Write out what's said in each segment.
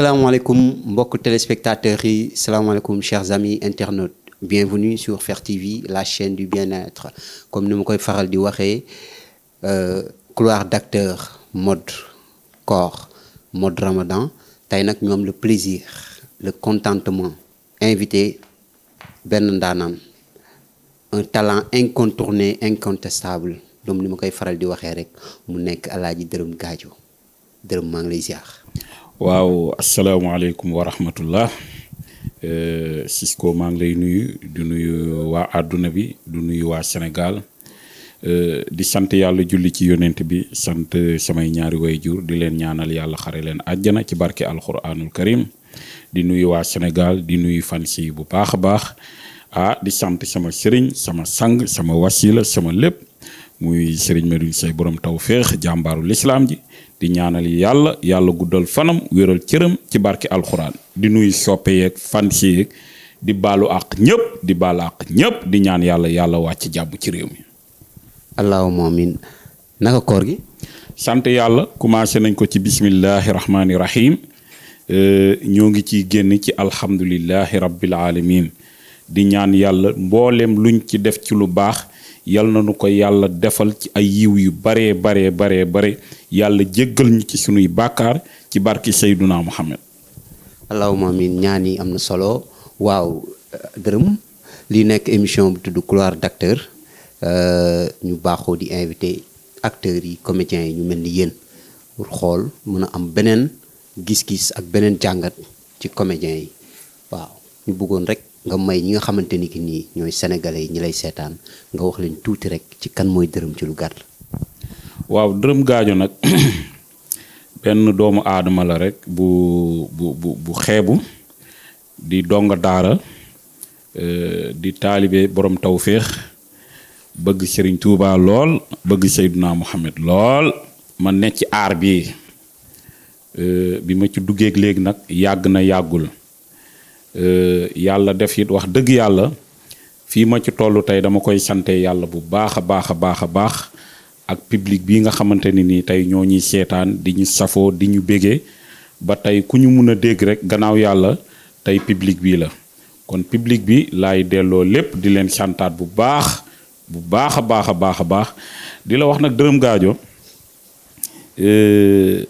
salaamaaleykum mbokk téléspectateurs yi salaamaaleykum chers amis internautes bienvenue sur Fer TV la chaine du bien-être comme ni ma koy faral di waxee euh, couloir d'acteur mode corps mode ramadan tey nag ñoom le plaisir le contentement invité benn ndaanaan un talent incontourné incontestable donc ni ma koy faral di waxee rek mu nekk Alaaji Dërëm Gaajo Dërëm maa ngi lay ziar. waaw asalaamaaleykum wa rahmatullah Cisco euh, maa ngi lay nuyu du nuyu waa àdduna bi du nuyu waa Sénégal euh, di sant yàlla julli ci yonent bi sant samay ñaari jur di leen ñaanal yàlla xare leen àjjana ci barke alxuraanul karim di nuyu waa Sénégal di nuyu fansi bu baax a baax ah di sant sama sëriñ sama sang sama wasila sama lépp muy sëriñ Medoune Seye borom tawféex jàmbaaru lislaam ji di ñaanal yàlla yàlla guddal fanam wéral cëram ci barki alxuraan di nuyu soppe yeeg fan si di baalu àq ñëpp di baalu àq ñëpp di ñaan yàlla yàlla wàcc jàmm ci réew mi. allahumma amin naka koor gi. sant yàlla commencé nañ ko ci bismillahi rahmaani rahim ñoo ngi ciy génn ci alhamdulillahi rabbil alamin di ñaan yàlla mbooleem luñ ci def ci lu baax. yal na nu ko yàlla defal ci ay yiw yu baree baree baree bare yàlla jéggal ñu ci sunuy bàkkaar ci barki Seyduna Muhammad allahumma amin ñaan yi am na solo waaw dërëm li nekk émission bi tudd couloir d'acteur euh, ñu baaxoo di invité acteurs yi comédiens yi ñu mel ni yéen pour xool mën a am beneen gis-gis ak beneen jàngat ci comédiens yi waaw ñu bëggoon rek nga may ñi nga xamante ni ki nii ñooy sénégalais yi ñu lay seetaan nga wax leen tuuti rek ci kan mooy dërëm ci lu gàtt. waaw dërëm gaajo nag benn doomu aadama la rek bu bu bu xeebu di donga daara euh, di taalibe borom tawféex bëgg sëriñ tuuba lool bëgg Seydina Mohamed lool ma nekk ci aar bi euh, bi ma ci duggee léegi nag yàgg na yàggul. Euh, yàlla def it wax dëgg yàlla fii ma ci toll tey dama koy sante yàlla bu baax a baax a baax a baax ak public bii nga xamante ne nii tey ñoo ñuy seetaan di ñu safoo di ñu bégee ba tey ku ñu mun a dégg rek gannaaw yàlla tey public bii la kon public bi laay delloo lépp di leen santaat bu baax bu baax a baax a baax a baax di la wax nag dërëm gaajo euh,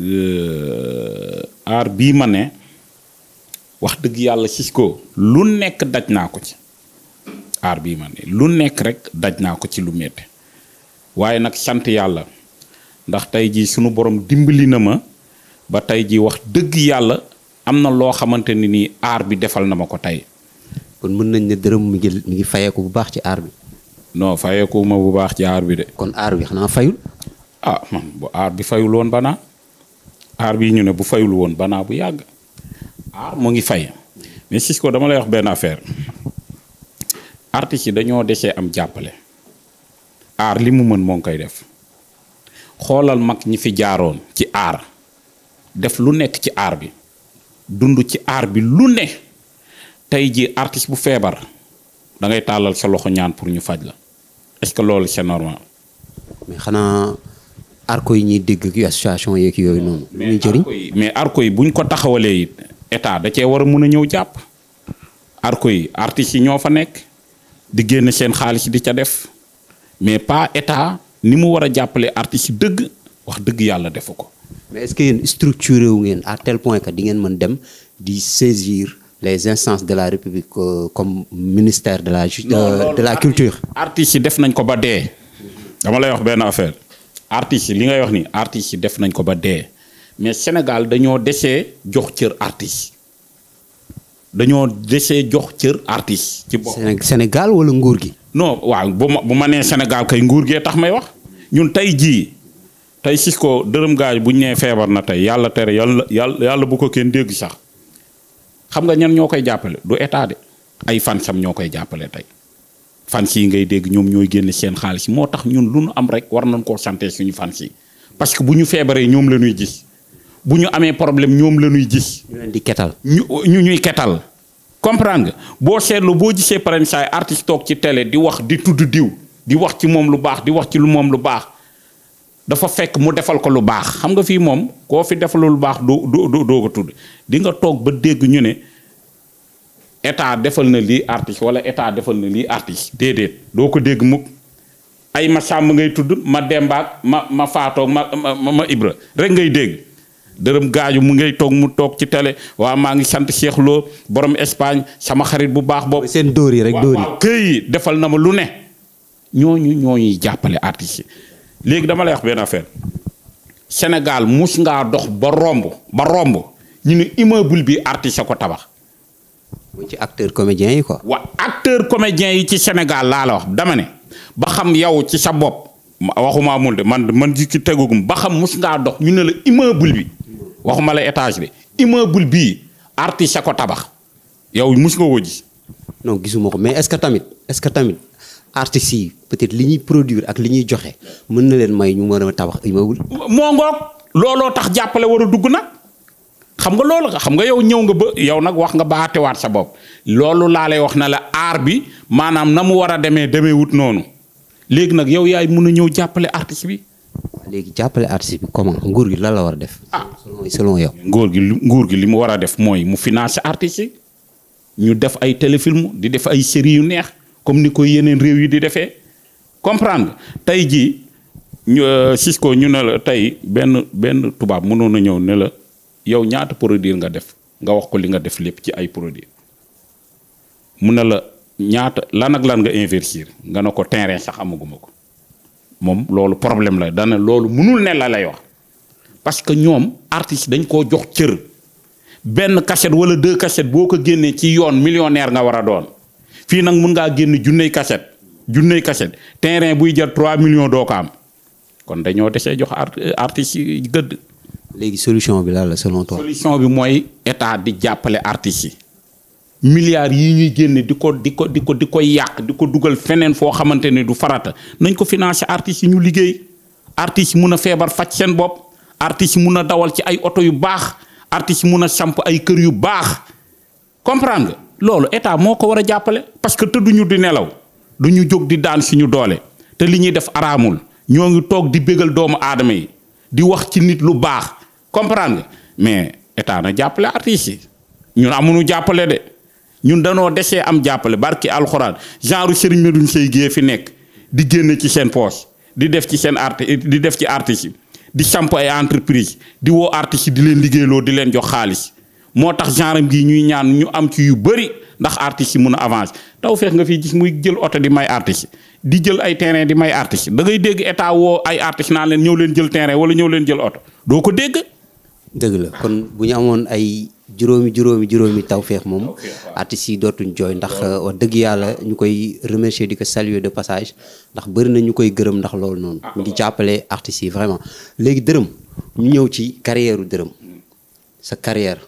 euh, aar bii ma ne wax dëgg yàlla ko lu nekk daj naa ko ci aar bii ma ne lu nekk rek daj naa ko ci lu métti waaye nag sant yàlla ndax tey jii sunu boroom dimbali na ma ba tey jii wax dëgg yàlla am na loo xamante ni nii aar bi defal na ma ko tey. kon mën nañ ne dërëm mi ngi ngi fayeeku bu baax ci aar bi. noo fayeeku ma bu baax ci aar bi de. kon aar bi xanaa fayul. ah bu aar bi fayul woon banaa aar bi ñu ne bu fayul woon banaa bu yàgg. aar mu ngi fay mais Cisco dama lay wax benn affaire artistes yi dañoo desee am jàppale aar li mu mën moo ngi koy def xoolal mag ñi fi jaaroon ci aar def lu nekk ci aar bi dund ci aar bi lu ne tey jii artiste bu feebar dangay tàllal sa loxo ñaan pour ñu faj la est que loolu c'est normal. mais xanaa arco yi ñuy digg association yeeg yooyu noonu. muy mais arco yi bu ñu ko taxawalee it état da cee war a mun a ñëw jàpp arko yi ñoo fa nekk di génn seen xaalis di ca def mais pas état ni mu war a jàppale artistes yi dëgg wax dëgg yàlla defu ko. mais est-ce que yéen wu ngeen à tel point que di ngeen mën dem di saisir les instances de la république euh, comme ministère de la euh, de la culture. artistes yi def nañ ko ba dee. dama lay wax benn affaire artistes yi li ngay wax ni artistes yi def nañ ko ba dee. mais Sénégal dañoo desee jox cër artiste dañoo desee jox cër artiste. ci boppam Sénégal wala nguur gi. non waa bu ma bu ma nee Sénégal kay nguur gee tax may wax ñun tey jii tey Cisco dërëm gaaj bu ñu nee feebar na tey yàlla tere yàlla yàlla bu ko kenn dégg sax xam nga ñan ñoo koy jàppale du état de ay fan fansam ñoo koy jàppalee tey. fan yi ngay dégg ñoom ñooy génne seen xaalis moo tax ñun lu nu am rek war nañ koo santé suñu fans yi parce que bu ñu feebaree ñoom la ñuy gis bu ñu amee problème ñoom la ñuy gis. ñu di ketal ñu ñu ñuy ketal. comprendre nga boo seetlu boo gisee par exemple say artiste toog ci télé di wax di tudd diw di wax ci moom lu baax di wax ci lu moom lu baax dafa fekk mu defal ko lu baax xam nga fii moom koo fi defalul lu baax doo doo doo ko tudd di nga toog ba dégg ñu ne état defal na lii artiste wala état defal na lii artiste déedéet doo ko dégg mukk ay ma sàmm ngay tudd ma dembaak ma ma faatoog ma ma ma ibra rek ngay dégg. dërëm gaaju mu ngay toog mu toog ci télé waa maa ngi sant Cheikh Lo Espagne sama xarit bu baax boobu. seen dóor yi rek dóor yi këy defal na ma lu ne. ñooñu ñooñuy jàppale artistes yi léegi dama lay wax benn affaire Sénégal mus ngaa dox ba romb ba romb ñu ne immeuble bi artiste ko tabax. ci acteur comédien yi quoi. wa acteur comédien yi ci Sénégal laa la wax dama ba xam yow ci sa bopp waxuma amul de man man ji ki tegugum ba xam mus ngaa dox ñu ne la immeuble bi. waxuma la étage bi immeuble bii artiste a tabax yow mus nga ko gis. gisuma ko mais est-ce que tamit est-ce que tamit artistes yi peut-être li ñuy produire ak li ñuy joxe mën na leen may ñu mën a tabax immeuble. moo ngoog looloo tax jàppale war a dugg nag xam nga loolu xam nga yow ñëw nga ba yow nag wax nga waat sa bopp loolu laa lay wax na la aar bi maanaam na mu war a demee demee wut noonu léegi nag yow yaay mun a ñëw jàppale artiste bi. léegi jàppale artiste bi comment nguur gi lan la war a def. ah selon yow. nguur gi nguur gi li mu war a def mooy mu financer artistes ñu def ay téléfilm di def ay séries yu neex comme ni ko yeneen réew yi di defee comprendre tey jii ñu euh, ñu ne la tey benn benn tubaab mënoon na ñëw ne la yow ñaata produire nga def nga wax ko li nga def lépp ci ay produits mu ne la ñaata lan ak lan nga investir nga ne ko terrain sax amaguma ko. moom loolu problème la dana loolu mënul ne la lay wax parce que ñoom artiste dañ koo jox cër benn cassette wala deux cassettes boo ko génnee ci yoon millionnaire nga war a doon fii nag mun ngaa génn junney cassette junney cassette terrain buy jar 3 millions doo ko am kon dañoo desee jox artiste yi gëdd. léegi solution bi lan la selon toi. solution bi mooy état di jàppale artistes yi. milliards yi ñuy génne di ko di ko di ko di ko yàq di ko dugal feneen foo xamante ne du farata nañ ko financer artistes yi ñu liggéey artistes yi mun a feebar faj seen bopp artistes yi mun a dawal ci ay oto yu baax artistes yi mun a samp ay kër yu baax comprendre loolu état moo ko war a jàppale parce que tëdduñu di nelaw du ñu jóg di daan suñu doole te li ñuy def araamul ñoo ngi toog di bégal doomu aadama yi di wax ci nit lu baax comprendre mais état na jàppale artistes yi ñun ñun danoo desee am jàppale barki alxuraan genre Serigne Medoune Seye Guèye fi nekk di génn ci seen poche di def ci seen art di def ci artiste di samp ay entreprise di woo artiste di leen liggéeyloo di leen jox xaalis moo tax genre am gii ñuy ñaan ñu am ci yu bëri ndax artiste yi mun a avance daw feex nga fi gis muy jël oto di may artiste di jël ay terrain di may artiste da ngay dégg état woo ay artiste naan leen ñëw leen jël terrain wala ñëw leen jël oto doo ko dégg. dëgg la kon bu ñu amoon ay juróomi juróomi juróomi tawféex moom artistes yi dootuñ jooy ndax euh, wax dëgg yàlla ñu koy remercier di ko saluer de passage ndax bëri na ñu koy gërëm ndax loolu noonu ñu ah, jàppale artistes yi vraiment léegi dërëm ñu ñëw ci carrière dërëm sa carrière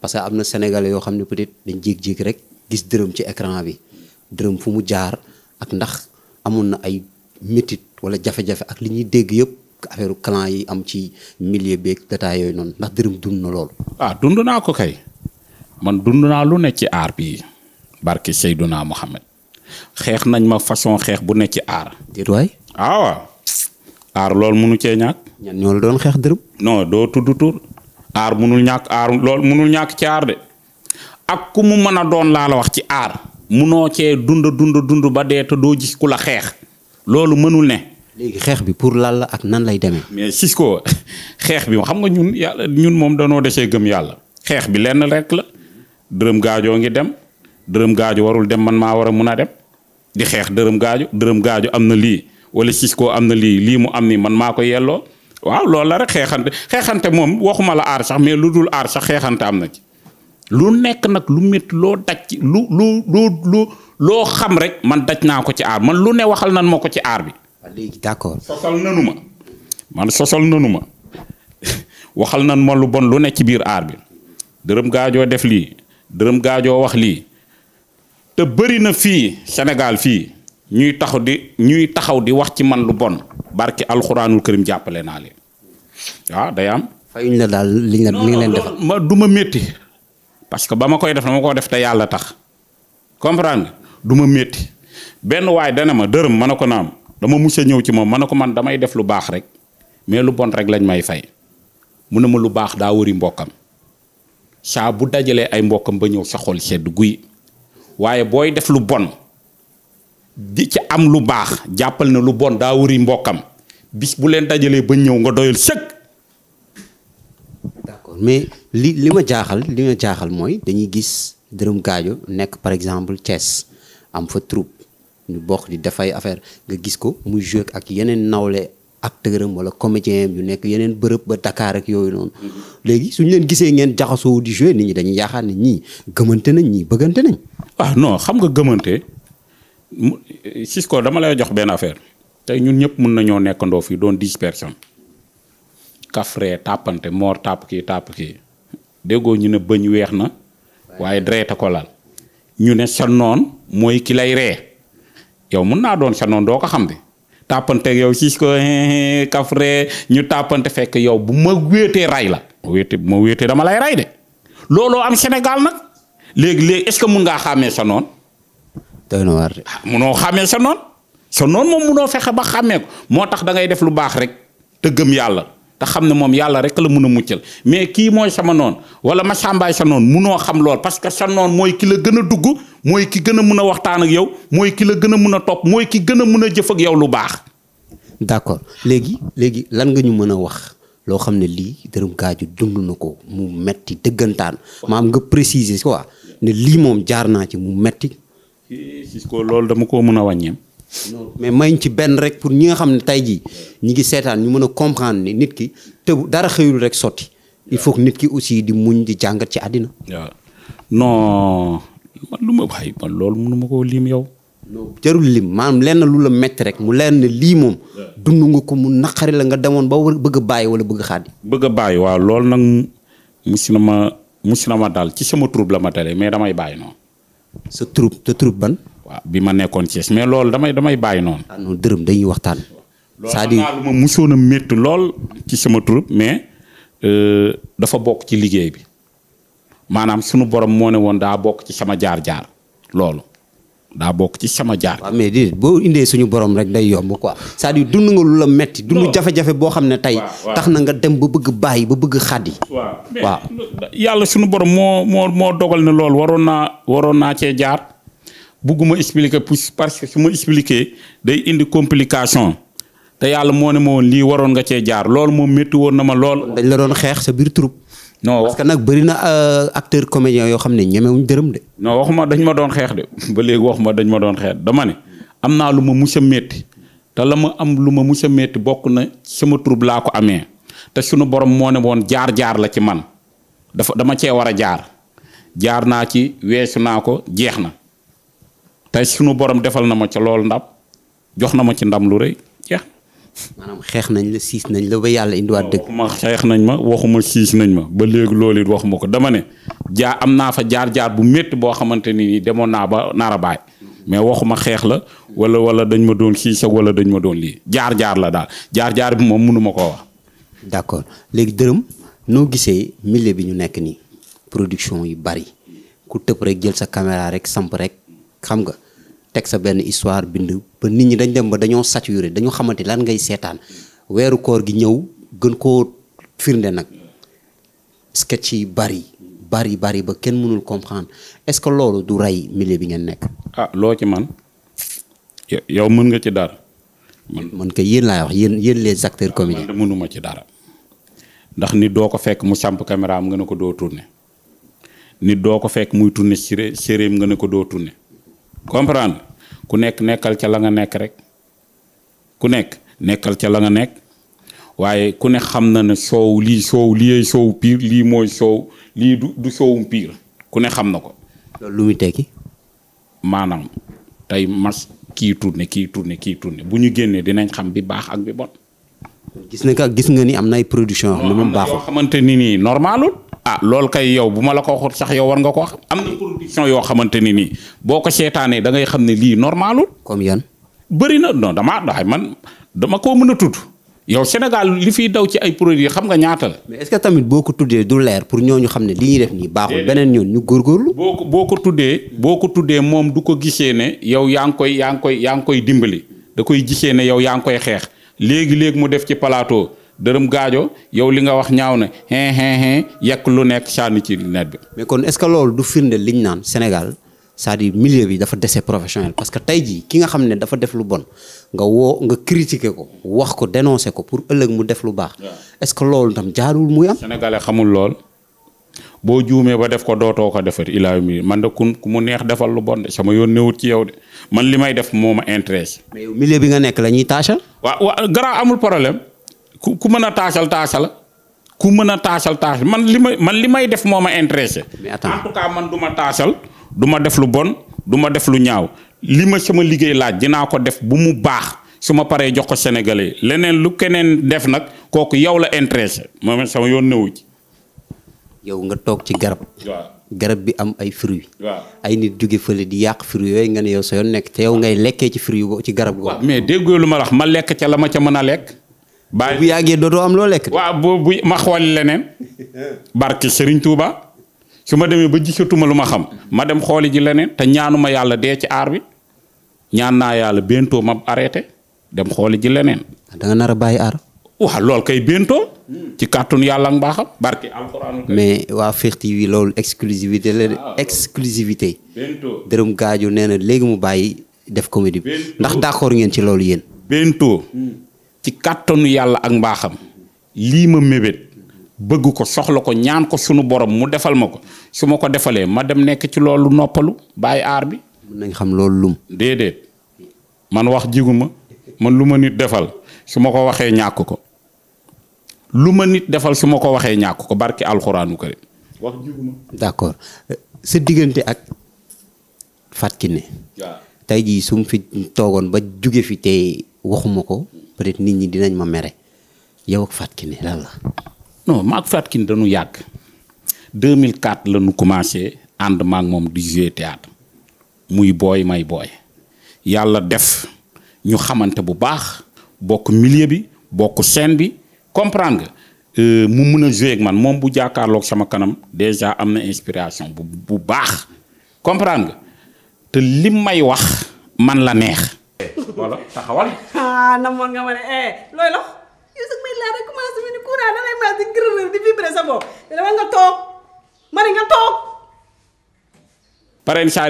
parce que am na sénégalais yoo xam ne peut-être dañ jékki-jékki rek gis dërëm ci écran bi dërëm fu mu jaar ak ndax amoon na ay métit wala jafe-jafe ak li ñuy dégg yëpp affaire clan yi am ci milieu beeg détail yooyu noonu ndax dërëm dund na loolu. ah dund naa ko kay man dund naa lu ne ci aar bii barki Seydouna Mohamed xeex nañ ma façon xeex bu ne ci aar. déet waay ah waaw aar loolu munu cee ñàkk. ñan ñoo doon xeex dërëm. non doo tudd tur aar munul ñàkk ci aar de ak ku mu mën a doon laa la wax ci aar. munoo cee dund dund dund ba dee te doo gis xeex. loolu mënul ne. léegi xeex bi pour lal la ak nan lay demee. mais Cisco xeex bi xam nga ñun moom danoo desee gëm yàlla xeex bi lenn rek la dërëm gaajoo ngi dem dërëm gaajo warul dem man maa war a mun a dem di xeex dërëm gaajo dërëm gaajo am na lii wala Cisco am na lii lii mu am nii man maa ko yelloo waaw lool la rek xeexante xeexante moom waxuma la aar sax mais lu dul aar sax xeexante am na ci. lu nekk nag lu métti loo daj ci lu lu lu loo xam rek man daj naa ko ci aar man lu ne waxal nan ma ko ci aar bi. waaw léegi d'accord. nanu ma man sosal nanu ma waxal nan ma lu bon lu nekk ci biir aar bi dërëm gaajoo def lii dërëm gaajoo wax lii te bëri na fii Sénégal fii ñuy taxaw di ñuy taxaw di wax ci man lu bon barki alxuraanul kërim jàppale naa leen waaw ah, day am. fayuñ la daal liñ la ni leen defal ma du ma métti parce que ba ma koy def dama ko def te yàlla tax comprendre du ma métti benn waay dana ma dërëm mën na ko naam. dama mus a ñëw ci moom ma ne ko man damay def lu baax rek mais lu bon rek lañ may fay mun ne ma lu baax daa wëri mbokkam saa bu dajalee ay mbokkam ba ñëw sa xol sedd guy waaye booy def lu bon di ci am lu baax jàppal na lu bon daa wëri mbokkam bis bu leen dajalee ba ñëw nga doyal sëkk. d'accord mais li li ma jaaxal li ma jaaxal mooy dañuy gis dërëm gaajo nekk par exemple cees am fa troupe ñu bokk di def ay affaire nga gis ko muy joué ak yeneen nawle ak am wala comédien am yu nekk yeneen bërëb ba Dakar ak yooyu noonu. Mm-hmm. léegi suñu leen gisee ngeen jaxasoo di joué nit ñi dañuy yaakaar ne ñii gëmante nañ ñii bëggante nañ. ah non xam nga gëmante mu dama lay jox benn affaire tey ñun ñëpp mun nañoo nekkandoo fii doon dix personnes kafre tàppante moor tàpp kii tàpp kii déggoo ñu ne bëñ weex na waaye dreeta ko lal ñu ne sa noon mooy ki lay ree yow mun naa doon xenoon doo ko xam de tàppanteeg yow siis ko kafre ñu tàppante fekk yow bu ma wéetee ray la wéete bu ma wéetee dama lay ray de looloo am Sénégal nag léegi léegi est-ce que mun ngaa xàmmee sa noon doy na waar de ah, munoo xàmmee sa noon sa noon moom munoo fexe ba xàmmee ko moo tax da ngay def lu baax rek te yàlla te xam ne moom yàlla rek la mun a muccal mais kii mooy sama noon wala ma sàmbaay sa noon munoo xam lool parce que sa noon mooy ki la gën a dugg mooy ki gën a mun a waxtaan ak yow mooy ki la gën a mun a topp mooy ki gën a mun a jëf ak yow lu baax. d'accord léegi léegi lan nga ñu mën a wax loo xam ne lii dërëm gaaju dund na ko mu metti dëggantaan maam nga préciser quoi ne lii moom jaar naa ci mu metti. si ko loolu dama koo mun a wàññeem. mais mayuñ ci benn rek pour ñi nga xam ne tey jii ñi ngi seetaan ñu mën a comprendre ni nit ki tëbu dara xëyul rek sotti il faut que nit ki aussi di muñ ngi jàngat ci àddina waaw non man lu ma waay man loolu mënu ma koo lim yow jarul lim maanaam lenn lu la métti rek mu leen lii moom dund nga ko mu naqari la nga demoon ba bëgg bàyyi wala bëgg xaadi bëgg bàyyi waaw loolu nag mus na ma mus na ma daal ci sama troupe la ma dalee mais damay bàyyi noonu sa troupe sa troupe ban waaw bi ma nekkoon Thiès mais loolu damay damay bàyyi noonu. ah non dërëm dañuy waxtaan. c'est-à-dire loolu ma musoon a métti lool ci sama troupe mais euh, dafa bokk ci liggéey bi maanaam sunu borom moo ne woon daa bokk ci sama jaar-jaar loolu. daa bokk ci sama jaar. waaw mais déedéet boo indee suñu borom rek day yomb quoi cest à dund nga lu la metti dund jafe-jafe boo xam ne tey. tax na nga dem ba bëgg bàyyi ba bëgg xaddi. waaw yàlla suñu borom moo moo dogal ne loolu waroon naa waroon naa cee jaar. bugguma expliquer parce que su ma expliquer day indi complication te yàlla moo ne ma woon lii waroon nga cee jaar loolu moom métti woon na ma lool. dañ la doon xeex sa biir troupe. non parce que nag bëri na euh, acteur comédien yoo xam ne ñemewuñ dërëm de. non waxuma dañ ma doon xeex de ba léegi waxuma dañ ma doon xeex dama ne am naa lu ma mus a métti te la ma am lu ma mus metti bokk na sama troupe laa ko amee te sunu borom moo ne woon jaar jaar la ci man dafa dama cee war a jaar jaar naa ci weesu naa ko jeex na. tey sunu borom defal na ma ca loolu ndam jox na ma ci ndam lu rëy jeex. xeex nañ la siis nañ la ba yàlla indiwaat dëgg. waxuma xeex nañ ma waxuma siis nañ ma ba léegi loolu it waxuma ko dama ne jaar am naa fa jaar jaar bu métti boo xamante ni demoon naa ba nar a bàyyi mais waxuma xeex la wala wala dañ ma doon siis ak wala dañ ma doon lii jaar jaar la daal jaar jaar bi moom mënuma koo wax. d'accord léegi dërëm noo gisee milieu bi ñu nekk nii production yu bari ku tëb rek jël sa caméra rek samp rek. xam nga teg sa benn histoire bind ba nit ñi dañ dem ba dañoo saturé dañoo xamante lan ngay seetaan weeru koor gi ñëw gën koo firnde nag sketch yi bari bari bari ba kenn mënul comprendre est-ce que loolu du rey milieu bi ngeen nekk. ah loo ci man yow mën nga ci dara. man man kay yéen laay wax yéen yéen les acteurs ah, comédiens. man mënuma ci dara. ndax nit doo ko fekk mu samp caméra am nga ne ko doo tourné nit doo ko fekk muy tourné séréem nga ne ko doo tourné comprendre ku nekk nekkal ca la nga nekk rek ku nekk nekkal ca la nga nekk waaye ku ne xam na ne soow lii soow lii soow piir lii mooy soow lii du du soowum piir ku ne xam na ko. loolu lu muy tekki. maanaam tey mas kii tourné kii tourné kii tourné bu ñu génnee dinañ xam bi baax ak bi bon. gis na ka gis nga ni am na ay production yoo xam ne moom baaxul xamante ni nii normalul ah loolu kay yow bu ma la ko waxut sax yow war nga ko am na production yoo xamante ni nii boo ko seetaanee da ngay xam ne lii normalul comme yan bëri na non damaa daay man dama koo mën a tudd yow Sénégal li fiy daw ci ay produits xam nga ñaata mais est-ce que tamit boo ko tuddee du leer pour ñu xam ne li ñuy def nii baaxul beneen yoon ñu góorgóorlu. boo ko boo ko tuddee boo ko tuddee moom du ko gisee ne yow yaa ngi koy yaa ngi koy yaa ngi koy dimbali da koy gisee ne yow yaa ngi koy xeex léegi léegi mu def ci plateau. dërëm gaajo yow li nga wax ñaaw na hein hein hein yekk lu nekk sànni ci net bi. mais kon est-ce que loolu du firnde liñ naan Sénégal c'est-à-dire bi dafa dese professionnel parce que tey jii ki nga xam ne dafa def lu bon nga woo nga critiquer ko wax ko dénoncer ko pour ëllëg mu def lu baax. est-ce que loolu tam jaarul muy am. sénégalais xamul lool. boo juumee ba def ko dootoo ko defar ilaa mi man de ku mu neex defal lu bon de sama yoon newut ci yow de man li may def moo ma intéresse. ku ku mën a taasal taasal ku mën a taasal taasal man li may man li may def moo ma intéressé. en tout cas man du ma taasal du ma def lu bon du ma def lu ñaaw li ma sama liggéey laaj dinaa ko def bu mu baax su ma paree jox ko Sénégalais leneen lu keneen def nag kooku yow la intéressé moom sama yoon ne ci. yow nga toog ci garab. waaw. garab bi am ay fruits. waaw ay nit jóge fële di yàq fruits yooyu nga ne yow sa yoon nekk te yow ngay lekkee ci fruits ci mais déggoo lu ma wax ma lekk ca la ma ca mën a lekk. baa bu yàggee dootoo am loo lekk. waaw boobu ma xooli leneen barke Serigne Touba su ma demee ba gisatuma lu ma xam ma dem xooli ji leneen te ñaanuma yàlla dee ci aar bi ñaan naa yàlla bientôt ma arrêté dem xooli ji leneen. da nga nar a bàyyi aar. waaw loolu kay bientôt. ci kàttun yàlla ak mbaaxam barke alxuraan mais waa Fekh TV loolu exclusivité la de exclusivité. bientôt dërëm nee na léegi mu bàyyi def comédie bi. ndax d'accord ngeen ci loolu yéen. bientôt. Hmm. ci kàttanu yàlla ak mbaaxam lii ma mébét bëgg ko soxla ko ñaan ko sunu borom mu defal ma ko su ma ko defalee ma dem nekk ci loolu noppalu bàyyi aar bi. mën nañ xam loolu lum. déedéet man wax jigu ma man lu ma nit defal su ma ko waxee ñàkk ko lu ma nit defal su ma ko waxee ñàkk ko barki alxuraanu karim wax jigu sa diggante ak Fatou Kiné. waaw tey jii su fi toogoon ba jóge fi te waxuma ko peut-être nit ñi dinañ ma mere yow ak Fatou Kiné lan la. non ma ak Fatou Kiné dañu yàgg 2004 la ñu commencé ànd maak moom di jouer théâtre muy booy may booy yàlla def ñu xamante bu baax bokk millier bi bokk scène bi comprendre nga. Euh, mu mën a jouer ak man moom bu jàkkaarlook sama kanam déjà am na inspiration bu bu baax comprendre te lim may wax man la neex voilà taxawal.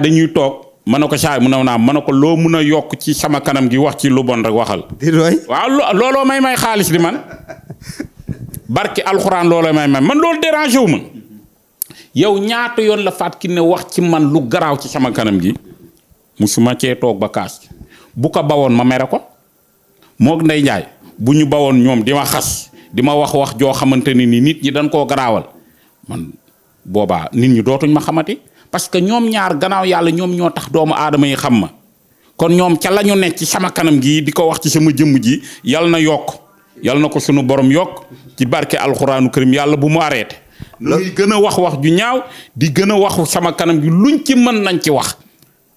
dañuy toog. ma ne ko saay mu ne naa ma ne ko loo mun a yokk ci sama kanam gi wax ci lu bon rek waxal. di doy looloo may may xaalis di man barki alxuraan looloo may may man loolu dérangé wu ma yow ñaata yoon la faat ki ne wax ci man lu garaaw ci sama kanam gi mu suma cee toog ba kaas. bu ko bawoon ma mere ko moog Ndey Njaay bu ñu bawoon ñoom di ma xas di ma wax wax joo xamante ni nit ñi dañ koo garaawal man boobaa nit ñi dootuñ ma xamati parce que ñoom ñaar gannaaw yàlla ñoom ñoo tax doomu aadama yi xam ma kon ñoom ca la ñu nekk ci sama kanam gii di ko wax ci sama jëmm ji yal na yokk yal na ko suñu borom yokk ci barke alxuraanu karim yàlla bu mu arrêté. luy gën a wax wax ju ñaaw di gën a wax sama kanam gi luñ ci mën nañ ci wax.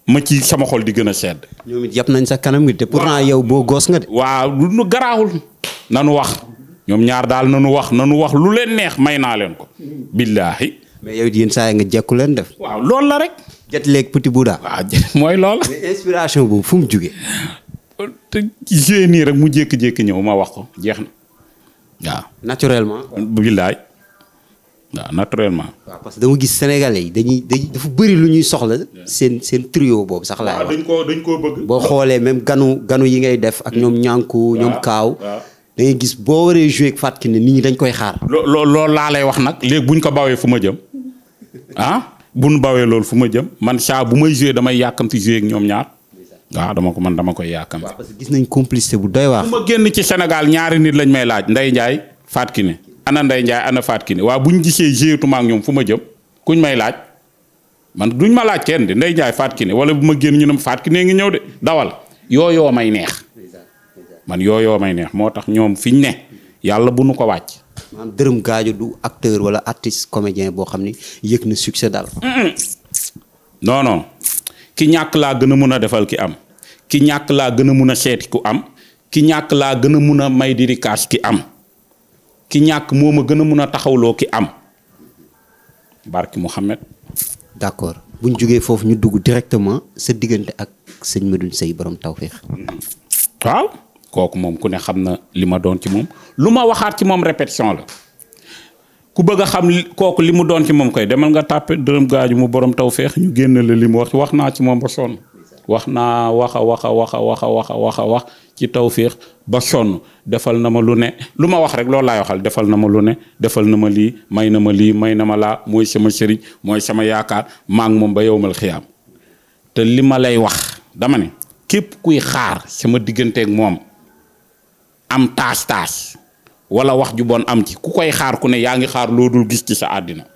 ma ci sama xol di gën a sedd. ñoom it yàpp nañ sa kanam gi te pourtant yow boo goos nga de. waaw lu nu garaawul nanu wax ñoom ñaar daal nanu wax nanu wax lu leen neex may naa leen ko. billaahi. mais yow it saa saa nga jekku leen def. waaw lool la rek. jet leeg petit Bouddha. waaw mooy lool. mais inspiration boobu fu mu jugee. te nii rek mu jékki-jékki ñëw ma wax ko jeex na waaw. naturellement. billaay. waaw naturellement. waaw parce que dama gis sénégalais yi dañuy dañuy dafa bëri lu ñuy soxla. seen seen trio boobu sax laay wax. dañ koo boo xoolee même ganu ganu yi ngay def. ak ñoom hmm. ñànku ñoom kaaw. da gis boo waree joué ak Fatou nit ñi dañ koy xaar. loo laa lay wax nag léegi buñ ko bawee fu ma jëm ah, bu nu bawee loolu fu ma jëm man saa bu may joué damay yàkkamti joué ñoom ñaar. waaw dama ko man dama koy yaakaar. parce que gis nañ complicité bu doy waar. bu ma génn ci Sénégal ñaari nit lañ may laaj Ndeye Ndiaye ki ne ana Ndeye Ndiaye ana Fatou Kiné waaw bu ñu gisee géetuma ak ñoom fu ma jëm kuñ may laaj man duñ ma laaj kenn de Ndeye Ndiaye Fatou Kiné wala bu ma génn ñu ne Fatou Kiné ngi ñëw de dawal yooyoo may neex man yooyoo may neex moo tax ñoom fi ñu ne yàlla bu nu ko wàcc. maanaam dërëm gaajo du acteur wala artiste comédien boo xam ni yëg na succès daal. non ki ñàkk laa gën a mun a defal ki am ki ñàkk laa gën a mun a seeti ku am ki ñàkk laa gën a mun a may diri kaas ki am. ki ñàkk moom ma gën a mun a taxawloo ki am barki Mouhamed. d' accord bu ñu jógee foofu ñu dugg directement sa diggante ak sëñ Medoune Seye boroom tawféex. waaw kooku moom ku ne xam na li ma doon ci moom lu ma waxaat ci moom répétition la ku bëgg a xam kooku li mu doon ci moom koy demal nga tàppe dërëm gaaju mu boroom tawféex ñu génn la li mu wax wax naa ci moom ba sonn wax naa waxa waxa waxa waxa waxa wax ci tawféex ba sonn defal na ma lu ne lu ma wax rek loolu laay waxal defal na ma lu ne defal na ma lii may na ma lii may na ma laa mooy sama sëriñ mooy sama yaakaar maa ngi moom ba yowmal xiyaam te li ma lay wax dama ne képp kuy xaar sama digganteeg moom am taas taas wala wax ju bon am ci ku koy xaar ku ne yaa ngi xaar loo dul gis ci sa àddina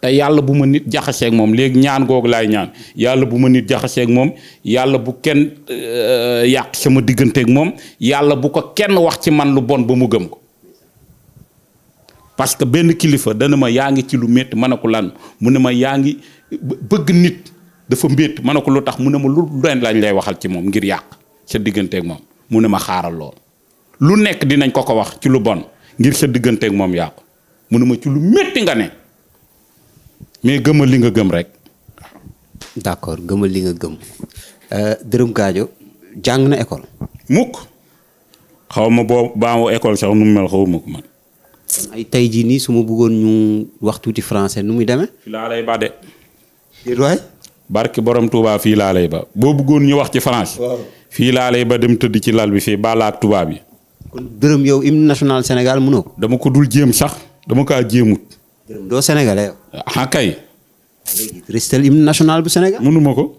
te yàlla bu ma nit jaxaseek moom léegi ñaan googu laay ñaan yàlla bu ma nit jaxaseeg moom yàlla bu kenn euh, yàq sama digganteek moom yàlla bu ko kenn wax ci man lu bon ba mu gëm ko parce que benn kilifa dana ma yaa ngi ci lu métti ma ne ko lan mu ne ma yaa ngi bëgg nit dafa mbétt ma ne ko lu tax mu ne ma lu doon lañ lay waxal ci moom ngir yàq sa digganteeg moom mu ne ma xaaral lu nekk dinañ ko ko wax ci lu bon ngir sa digganteeg moom yàqu mu ne ma ci lu métti nga ne mais gëmal li nga gëm rek. d' accord gëmal li nga gëm. Euh, dërëm Gaajo jàng na école. mukk xaw ma boo baamu école sax nu mu mel xaw ma man. ay tey jii nii su ma buggoon ñu wax tuuti français nu muy demee. fii ba de. barki borom Touba fii laa ba boo buggoon ñu wax ci français. fii laa lay ba dem tëdd ci lal bi fii baalaat tubaab yi. kon dërëm yow hymne national Sénégal mënoo ko. dama ko dul jéem sax dama kaa jéemut. doo sénégalais yow. Eh? ah kay. léegi restel national bu Sénégal. mënuma ko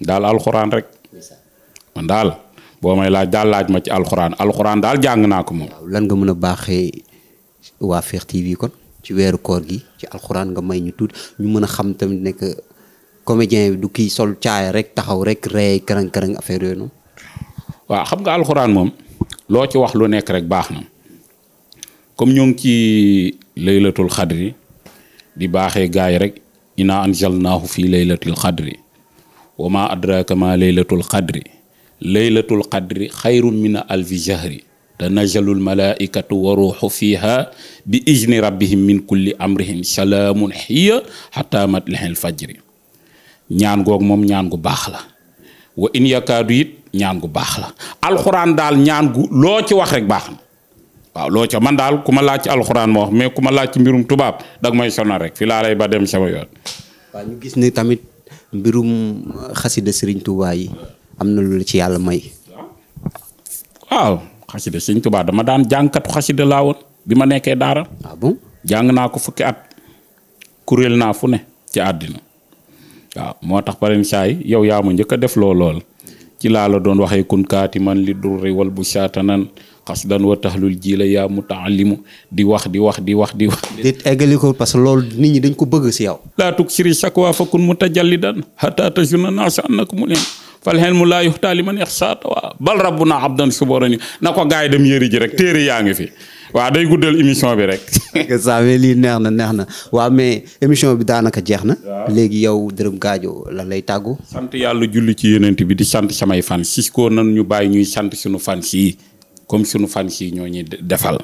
daal alxuraan rek. man daal boo may laaj daal laaj ma ci alxuraan alxuraan daal jàng naa ko moom. lan nga mën a baaxee waa feex TV kon. ci weeru koor gi ci alxuraan nga may ñu tuuti ñu mën a xam tamit nekk comédien bi du kii sol caaya rek taxaw rek rey kërën kërën affaire yooyu noonu. waaw xam nga alxuraan moom loo ci wax lu nekk rek baax na. comme ñoo ngi ci laylatul xadri di baaxee gaay rek inaa anjalnaahu fii laylatil xadri wa ma adraka ma laylatul xadri laylatul xadri xayrun min alfi jahri tanajalul malaikatu wa ruuxu fiiha bi izni rabbihim min kulli amrihim salaamun hiya xata matlixil fajri ñaan goog moom ñaan gu baax la wa in yakaadu it ñaan gu baax la alxuraan daal ñaan gu loo ci wax rek baax na waaw loo ca man daal ku ma laaj ci alxuraan moo wax mais kuma laaj ci mbirum tubaab dag may sonal rek fi laa lay ba dem sama yoon. waaw gis ni tamit mbirum uh, xasida Serigne Touba am na lu ci yàlla may. waaw xasida dama daan jàngkatu xasida laa woon bi ma nekkee daara. Ah jàng naa ko fukki at kuréel naa fu ne ci àddina waaw moo tax paren saay yow yaa ma njëkk a def loo lool ci laa la doon waxee kunkaati man li durri wal bu saatanan xasdan wa taxlul ji la yaa mutaallimu di wax di wax di wax di wax. di eggali ko parce que loolu nit ñi dañ ko bëgg si yow. laa tuksiri shakwa fakun mutajallidan hatta tajuna naasa annakum mulim fal hilmu laa yuxtaa liman ixsaata waa bal rabbuna abdan suborani na ko gaay dem yëri ji rek téere yaa ngi fi. waaw day guddal émission bi rek. saa mais lii neex na neex na waa mais émission bi daanaka jeex na. léegi yow Dërëm Gaajo lan lay tàggu. sant yàlla julli ci yonent bi di sant samay fans si ko ñu bàyyi ñuy sant suñu fans yi. comme sunu fan sii ñoo ñuy defal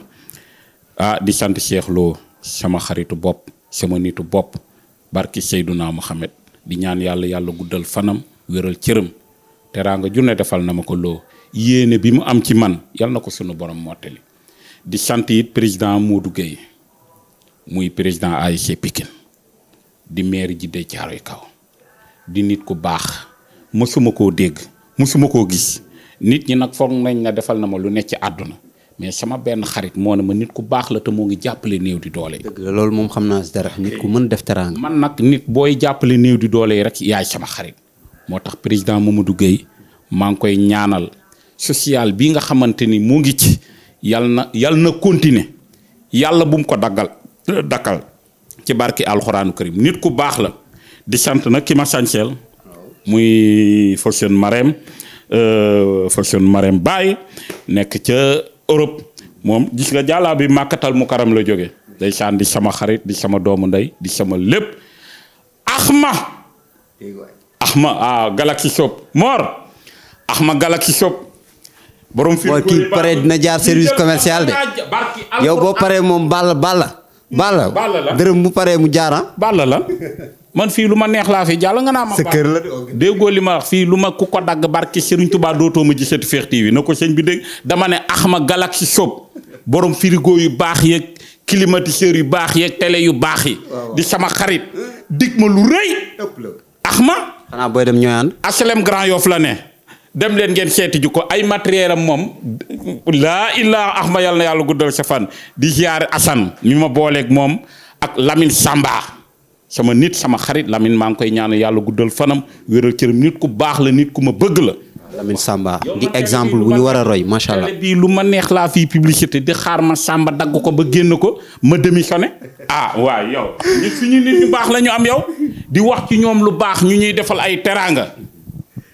ah di sant Cheikh Lo sama xaritu bopp sama nitu bopp barki Seydouna Mohamed di ñaan yàlla yàlla guddal fanam wéral cëram teraanga junne defal na ma ko loo yéene bi mu am ci man yal na ko sunu borom mottali di sant it président Modou Gueye muy président ASC Pikine di maire ji de Caaroy Kaw di nit ku baax mësuma koo dégg mësuma koo gis nit ñi nag foog nañ na defal na ma lu nekk ci àdduna mais sama benn xarit moo ne ma nit ku baax la te moo ngi jàppale néew di doole yi. dëgg loolu moom xam naa si dara nit ku mën def teraanga. man nag nit booy jàppale néew di doole yi rek yaay sama xarit moo tax président moom a Gueye maa ngi koy ñaanal social bi nga xamante ni mu ngi ci yal na yal na continuer yàlla bu mu ko daggal dakkal ci barki alxuraanu karim nit ku baax la di sant nag ki ma sañseel muy Fawcene Marème. Euh, faction Marème baay nekk ca Europe moom gis nga jàllaa bi màkkatal mu karam la jóge ndeysaan di sama xarit di sama doomu ndey di sama lépp axma axma ah Galaxy Shop Mor axma Galaxy Shop borom fi kii pare dina jaar service commercial de yow boo paree moom balla balla balla dërëm bu paree mu jaara ah. balla la man fii lu ma neexlaa laa fi jàll nga naa la déggoo li ma wax fii lu ma ku ko dagg barki Serigne Touba dootoo ma gisati Fekh TV na ko sëñ bi dégg dama ne Axma Galaxy Shop borom frigo yu baax yeeg climatiseur yu baax yeeg tele yu baax yi. di sama xarit dig ma lu rëy. Axma. xanaa booy dem ñooy ànd. HLM Grand la ne. dem leen ngeen seeti ko ay matériel am moom laa illaa Axma yàlla na yàlla guddal sa fan di ziare Assane mi ma booleek moom ak Lamine Samba. sama nit sama xarit Lamine maa ngi koy ñaanal yàlla guddal fanam wéral cëram nit ku baax la nit ku ma bëgg la. Lamine di exemple bu ñu war a roy macha allah. bii lu ma neex laa fi publicité di xaar ma sàmba dagg ko ba génn ko ma démissionné. ah waaw yow ñun suñu nit ñu baax lañu am yow di wax ci ñoom lu baax ñu ñuy defal ay teraanga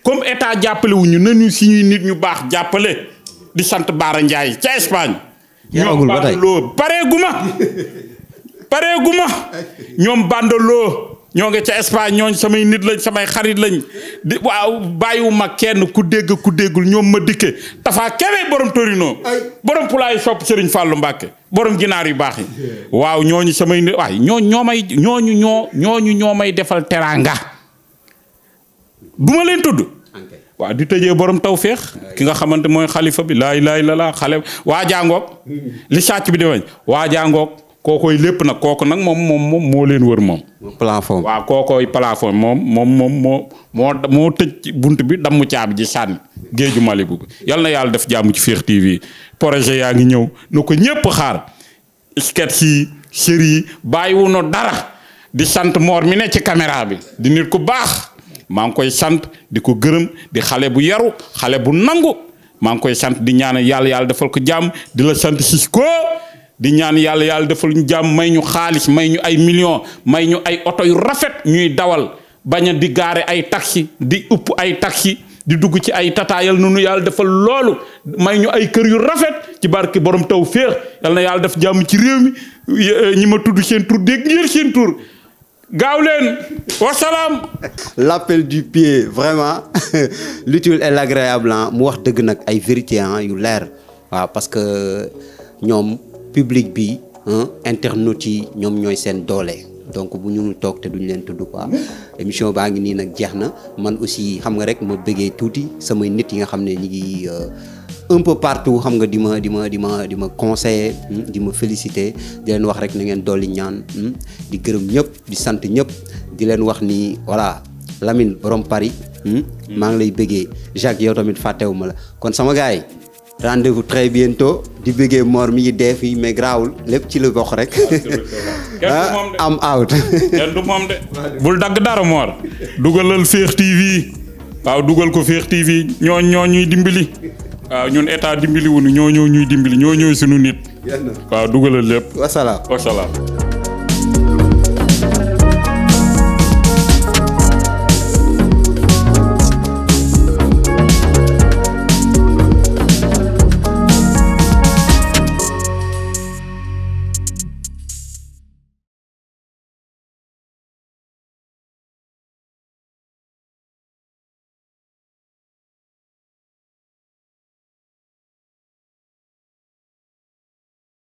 comme état jàppale wu ñu nañu suñuy nit ñu baax jàppale di sant Baara Ndiaye ca Espagne. ñoo baax loo pareegu pareeguma ñoom bandaloo ñoo ngi ca Espagne ñooñ samay nit lañ samay xarit lañ di waaw bàyyiwuma kenn ku dégg ku déggul ñoom ma dikke Tafa Kebe borom Torino borom pulaayu sopp Serigne Fallou yu baax yi waaw ñooñu samay ñoo ñoo may ñooñu ñooñu ñoo may defal teraanga duma leen tudd waaw di tëjee borom taw féex ki nga xamante mooy xalifa bi laay laay la laa xale waa jàngoog mm-hmm. li sàcc bi di wañ waa jàngoog kookooy lépp nag kooku nag moom moom moom moo leen wër moom. plafond waaw kookooy plafond moom moom moom moo moo moo tëj bunt bi damm caabi ji sànni géeju Malibu bi yal na yàlla def jàmm ci Fekh TV projet yaa ngi ñëw na ko ñëpp xaar sketch yi série yi bàyyiwuñu dara di sant moor mi ne ci caméra bi di nit ku baax maa ngi koy sant di ko gërëm di xale bu yaru xale bu nangu maa ngi koy sant di ñaanal yàlla yàlla defal ko jàmm di la sant Cisco. di ñaan yàlla yàlla defal ñu jàmm may ñu xaalis may ñu ay millions may ñu ay oto yu rafet ñuy dawal bañ di gaare ay taxi di upp ay taxi di dugg ci ay tataayal nunu yàlla defal loolu may ñu ay kër yu rafet ci barki borom taw féex yal na yàlla def jàmm ci réew mi euh, ñi ma tudd seen tur dégg ngeen seen tur gaaw leen wasalaam. l'appel du pied vraiment l'utile et l'agréable mu wax dëgg nag ay vérité yu leer waaw parce que euh, ñoom. public bi internautes yi ñoom ñooy seen doole donc bu ñu toog te duñu leen tudd quoi émission baa ngi nii nag jeex na man aussi xam nga rek ma bëggee tuuti samay nit yi nga xam ne ñi ngi euh, un peu partout xam nga di ma di ma di ma di ma conseiller hmm, di ma féliciter leen wax rek na ngeen dolli ñaan hmm, di gërëm ñëpp di sant ñëpp di leen wax ni voilà lamin borom Paris hmm, maa ngi lay bëggee Jacques yow tamit fàttewu ma la kon sama gars rendez-vous très bientôt di bëggee moor mi ngi dee fii mais grawul lépp ci la bokk rek am ah, out kenn du moom de bul dagg dara moor dugalal Fekh TV waaw dugal ko Fekh TV ñoo ñoo ñuy dimbali waaw ñun état dimbali wuñu ñoo ñoo ñuy dimbali ñoo ñooy suñu nit waaw dugalal lépp wasalaam wasalaam